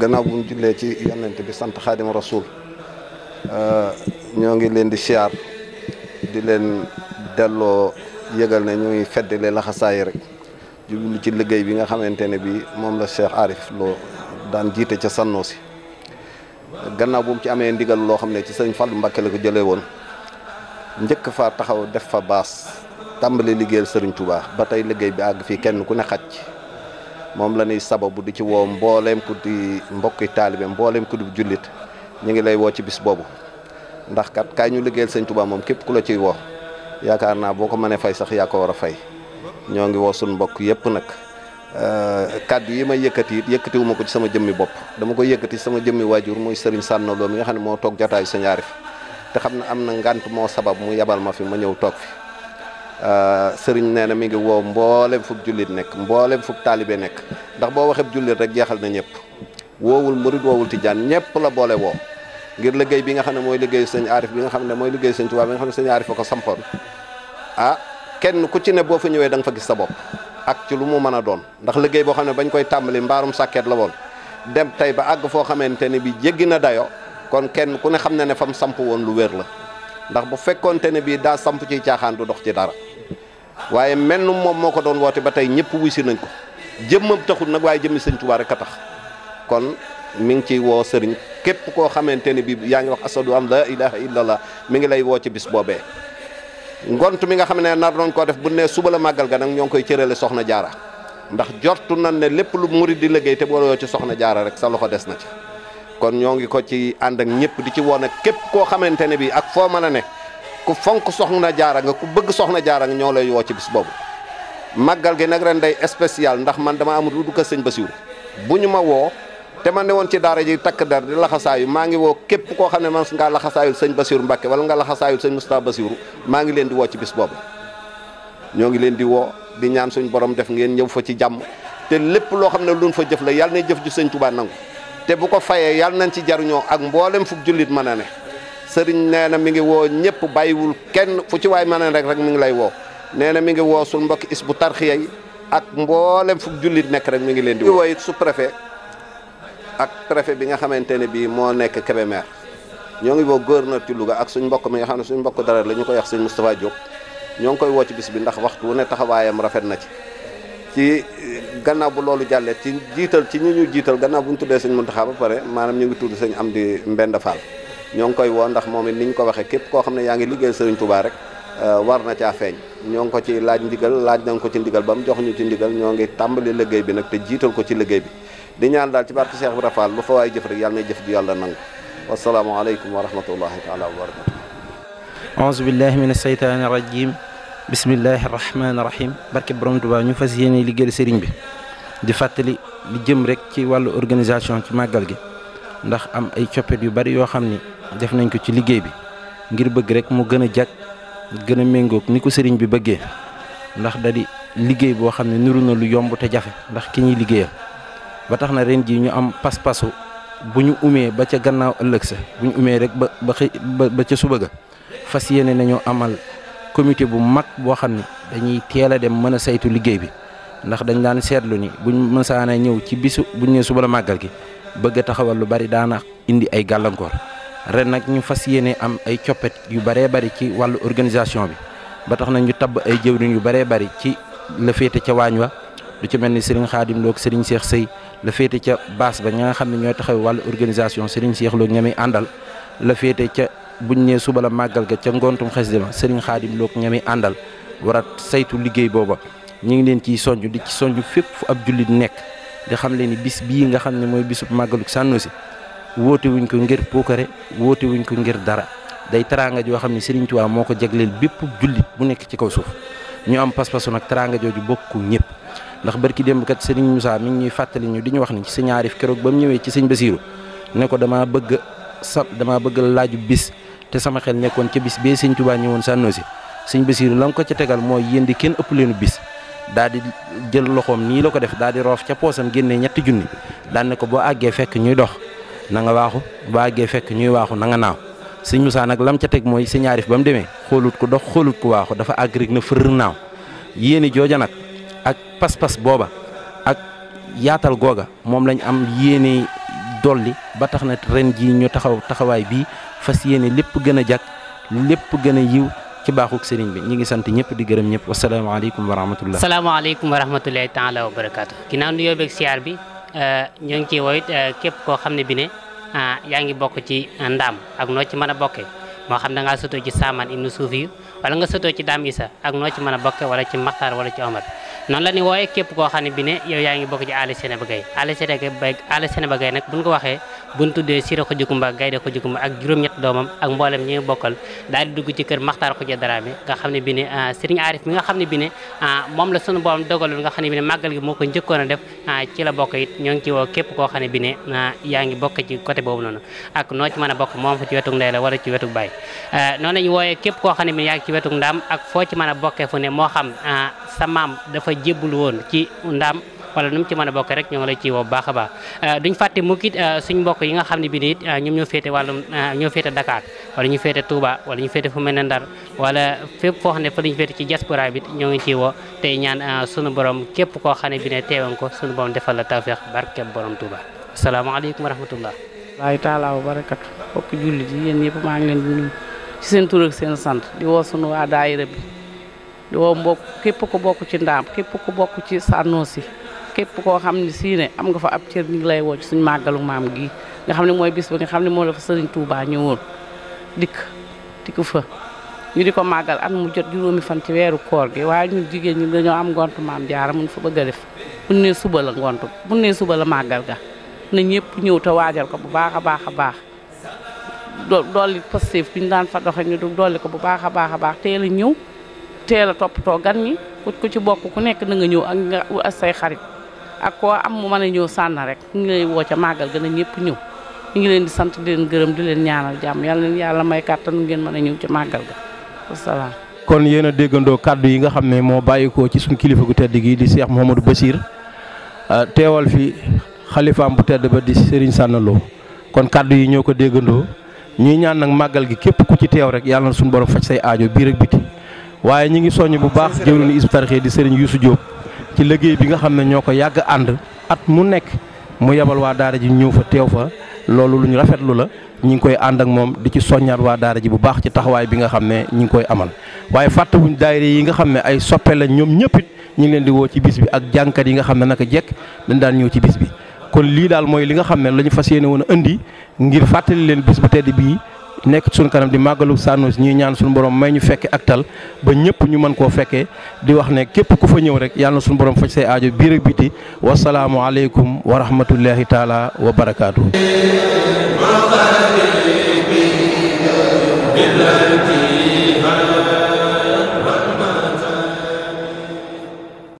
gannaaw bu ñu jullee ci yonent bi sant xaadima rasul euh, ñoo ngi leen di siyaar di leen delloo yëgal na ñu ngi feddali laxasaayi rek jublu ci liggéey bi nga xamante ne bi moom la Cheikh Arif loo daan jiite ca Sannoosi gannaaw bu ci amee ndigal loo xam ne ci sëñ Fallu Mbàkke la ko jëlee woon njëkk faa taxaw def fa baas tàmbali liggéeyal sëriñ tubaa ba tey liggéey bi àgg fii kenn ku ne xaj moom la ñuy sababu di ci woo mbooleem ku di mbokki taalibe mbooleem ku di jullit ñu ngi lay woo ci bis boobu ndax kat kaa ñu liggéeyal sëñ Tuubaa moom képp ku la ciy woo yaakaar naa boo ko mënee fay sax yaa ko war a fay ñoo ngi woo suñu mbokk yëpp nag euh, kàddu yi may yëkkati it yëkkatiwu ma ko ci sama jëmmi bopp dama ko yëkkati sama jëmmi waajur muy sëriñ Sànno Lo mi nga xam ne moo toog jotaayu sa ñaari te xam ne am na ngant moo sabab mu yabal ma fi ma ñëw toog Euh, sëriñ nee na mi ngi woow mboolem fukk jullit nekk mboolem fukk taalibe nekk ndax boo waxee jullit rek jeexal na ñëpp woowul murit woowul tijaan ñëpp la boole woo ngir liggéey bi nga xam ne mooy liggéeyu sëñ aarif bi nga xam ne mooy liggéeyu sëñ Tuubaa bi nga xam ne sëñ aarif a ko sampoon ah kenn ku ci ne boo fa ñëwee da nga fa gis sa bopp ak ci lu mu mën a doon ndax liggéey boo xam ne bañ koy tàmbali mbaarum sàkket la woon dem tey ba àgg foo xamante ni bi jéggi na dayo kon kenn ku ne xam ne ne fam samp woon lu wér la ndax bu fekkoonte ne bii daa samp ciy caaxaan du dox ci dara waaye mel moom moo ko doon woote ba tey ñëpp wuy si nañ ko jëmmam taxul nag waaye jëmmi sëñ Tuubaa a tax kon mi ngi ciy woo sëriñ képp koo xamante ne bii yaa ngi wax asadu an la ilaha illallah mi ngi lay woo ci bis boobee ngont mi nga xam ne nar noon koo def bu ne suba la màggal ga nag ñoo ngi koy cërale soxna jaara ndax jortu nan ne lépp lu murid di liggéey te booloo ci soxna jaara rek sa loxo des na ci kon ñoo ngi ko ci and ak ñepp di ci wone képp koo xamante bi ak fo mën ne ku fonk soxna jaara nga ku bëgg soxna jaara nga ñoo lay wo ci bis bobu magal gi nak rendey spécial ndax man dama amul lu dugg señ basiw buñu ma wo te man ne ci daara ji tak dar di laxasaayu ma ngi wo kep ko xamne ne man ngaa laxasaayul señ basiru mbacke wala nga laxasaayul señ mustafa basiw ma ngi leen di wo ci bis bobu ñoo ngi leen di wo di ñaan suñu borom def ngeen ñew fa ci jamm te lepp lo xamne luñ fa jëf la yalla ne jëf ju señ touba nangu te bu ko fayee yàlla nañ ci jaruñoo ak mboolem fu jullit mën a ne sëriñ nee na mi ngi woo ñëpp bàyyiwul kenn fu ci waay mën a rek rek mi ngi lay woo nee na mi ngi woo suñ mbokk is bu tarxiya yi ak mboolem fu jullit nekk rek mi ngi leen di woo it su préfet ak préfet bi nga xamante ne bii moo nekk Kébémer ñoo ngi woo gouverneur ci Louga ak suñ mbokk mi nga xam ne suñ mbokk dara la ñu koy wax sëñ Moustapha Diop ñoo ngi koy woo ci bis bi ndax waxtu wu ne taxawaayam rafet na ci ci gannaaw bu loolu jàllee ci jiital ci ñi ñu jiital gannaaw bu ñu tuddee sëñ Muntaxa ba pare maanaam ñu ngi tudd sëñ Amdi Mbenda Fall ñoo ngi koy woo ndax moom it ni ñu ko waxee képp koo xam ne yaa ngi liggéey sëriñ Touba rek euh, war na caa feeñ ñoo ngi ko ci laaj ndigal laaj nañ ko ci ndigal ba mu jox ñu ci ndigal ñoo ngi tàmbali liggéey bi nag te jiital ko ci liggéey bi di ñaan daal ci barke Cheikh Ibra Fall lu fa waay jëf rek yàlla na jëf ju yàlla nangu wasalaamaaleykum wa rahmatullahi taala wa barakatu auzu billahi min asheytaani bismillahi rahmaani rahim barke borom Tuubaa ñu fas yéene liggéeyal sëriñ bi di fàttali li jëm rek ci wàllu organisation ci màggal gi ndax am ay coppet yu bari yoo xam ni def nañ ko ci liggéey bi ngir bëgg rek mu gën a jag gën a méngook ni ko sëriñ bi bëggee ndax da di liggéey boo xam ne nuru na lu yomb te jafe ndax ki ñuy liggéeyal ba tax na ren ji ñu am pas-pasu bu ñu umee ba ca gannaaw ëllëg sa bu ñu umee rek ba ba ba ca suba ga comité bu mag boo xam ne dañuy teel a dem mën a saytu liggéey bi ndax dañ daan seetlu ni buñ mësaana ñëw ci bisu buñ ne suba la màggal gi bëgg a taxawal lu bari daana indi ay gàllankoor ren nag ñu fas yéene am ay coppet yu bëree bëri ci wàllu organisation bi ba tax na ñu tabb ay jëwriñ yu bëree bëri ci la féete ca waañ wa lu ci mel ni Serigne Khadim Lo ak Serigne Cheikh Sey la ca baas ba ña xam ne ñooy taxaw wàllu organisation Serigne Cheikh Lo ña àndal buñ nee suba la magal ga ci ngontum xasida ma sëriñ lok loog ñami andal warat saytu liggéey boba ñi ngi leen ci sonj di ci sonju fépp fu ab julit nek di xam leen ni bis bi nga xam ni moy bisub magaluk sanusi wote wuñ ko ngir puukare wote wuñ ko ngir dara day teraanga jo xamni serigne touba moko jeglel bepp julit bu nek ci kaw suuf ñu am pas passu nak teraanga joju bokku ñepp ndax barki démb kat serigne Moussa mi ngi fatali ñu diñ wax ni ci sëñ Aarif keroog ba ci basirou ne ko dama bëgg sa dama bëgg laaju bis te sama xel nekkoon ci bis bee sëñ Tuubaa ñëwoon sànnoosi Seigne Basiiru lam ko ci tegal moy yéen di kenn ëpp leenu bis daa di jël loxom ni lako def daa di roof ci posam genné ñett junni dal ne ko boo àggee fekk ñuy dox na nga waxu ba àggee fekk ñuy waxu na nga naaw Seigne Moussa nak lam ci teg moy Seigne Arif bam mu xolut ko dox xolut ko waxu dafa àgg rek na fër naaw yéeni jooja nak ak pas-pas boba ak yaatal goga mom lañ am yéene dolli ba taxna ren ji ñu taxaw taxaway bi fas yéene lépp gën a jàkk lépp gën a yiw ci baaxuk sëriñ bi ñi ngi sant ñëpp di gërëm ñëpp wasalaamaaleykum wa rahmatullah salaamaaleykum wa rahmatullahi taala wa barakaatu ginnaaw nuyoo beeg siyaar bi euh, ñoo ngi ciy woyit euh, képp koo xam ne bi ne euh, yaa ngi bokk ci ndaam ak noo ci a bokkee moo xam da ngaa sotoo ci saaman ibnu suufi wala nga sotoo ci daam isa ak noo ci mën a bokke wala ci maxtaar wala ci omar noonu la ni wooye képp koo xam ne bi ne yow yaa ngi bokk ci aali Sénégal Gueye aali Sénégal Gueye aali Sénégal Gueye nag buñ ko waxee buñ tuddee Sira a Coumba Gaynde Khoudia Coumba ak juróom-ñett doomam ak mboolem ñi bokkal daal di dugg ci kër Makhtar Khoudia Dramé nga ah, mi nga xam ne bi ah, moom la sunu borom dogaloon nga xam ne bi ne gi moo ko njëkkoon a def ah, ci la bokk it ñoo ngi ci woo képp koo xam ne bi yaa ngi ci côté a ndaam ak foo ci mën a bokkee fu ne moo xam sa dafa jébbul woon ci ndaam wala nu mu ci mën a bokk rek ñoo ngi lay ci woo bu a baax euh, duñ fàtte mukk euh, suñ mbokk yi nga xam ne bi nit euh, ñoom ñoo féete wàllum ñoo féete Dakar wala ñu féete Touba wala ñu féete fu mel Ndar wala fépp foo ne fa bi ñoo ngi ci woo tey ñaan sunu borom képp koo xam ne bi ne teewoon ko sunu borom defal la tawfeex barkeb borom Touba asalaamaaleykum wa rahmatullah waaye taalaa wa barakatu bokk jullit yi yéen yëpp maa ngi leen di nuyu ci seen tur ak seen sant di woo sunu waa daayira bi di woo mbokk képp ku bokk ci ndaam si képp koo xam ne sii ne am nga fa ab cër ñu ngi lay woo ci suñu màggalu maam gi nga xam ne mooy bis ba nga xam ne moo la fa sëriñ Touba ñëwoon dikk dikk fa ñu di ko màggal at mu jot juróomi fan ci weeru koor gi waaye ñun jigéen ñi dañoo am ngontu maam jaara mun fa bëgg a def bu ne suba la ngontu bu ne suba la màggal ga na ñëpp ñëw te waajal ko bu baax a baax a baax dolli positif bi daan fa doxe ñu dolli ko bu baax a baax a baax teel a ñëw teel a toppatoo gan ñi ku ci bokk ku nekk na nga ñëw ak say xarit ak ko am mu meuna a ñëw rek ñu lay wo ca magal gëna ñepp ñëpp ñu ngi leen di sant di leen gëreem di leen ñaanal jamm yalla leen yalla may ñu ngeen meuna a ñëw ca màggal ga assalam kon yeena deggando déggandoo yi nga xamne mo bayiko ci sun kilifa gu tedd gi di Cheikh Mouhamadou Bassir euh, teewal fi khalifa am bu tedd ba di Serigne Sanna kon kàddu yi ñoko deggando ñi ñaan nak magal gi kep ku ci teew rek yalla sun borom fajj say aajo bi rek biti waye ñi ngi soñu bu baax jëwlinu ni Tarqiyyah di Serigne Youssou Diop ci liggéey bi nga xam ne ñoo ko yàgg ànd at mu nekk mu yebal waa daara ji ñëw fa teew fa loolu lu ñu rafetlu la ñu ngi koy ànd ak moom di ci soññaat waa daara ji bu baax ci taxawaay bi nga xam ne ñu ngi koy amal waaye fàttewuñ daayira yi nga xam ne ay soppe la ñoom ñëpp ñu ngi leen di woo ci bis bi ak jànkat yi nga xam ne naka jekk dañ daan ñëw ci bis bi kon lii daal mooy li nga xam ne la fas yéene woon a indi ngir fàttali leen bis bu tedd bii nekk suñu kanam di màggalu Sanus ñuy ñaan suñu borom may ñu fekke ak tal ba ñépp ñu mën koo fekkee di wax ne képp ku fa ñëw rek yàlla na suñu borom faj say aajo biir ak biti wasalaamu aleykum wa rahmatullahi taala wa barakaatu.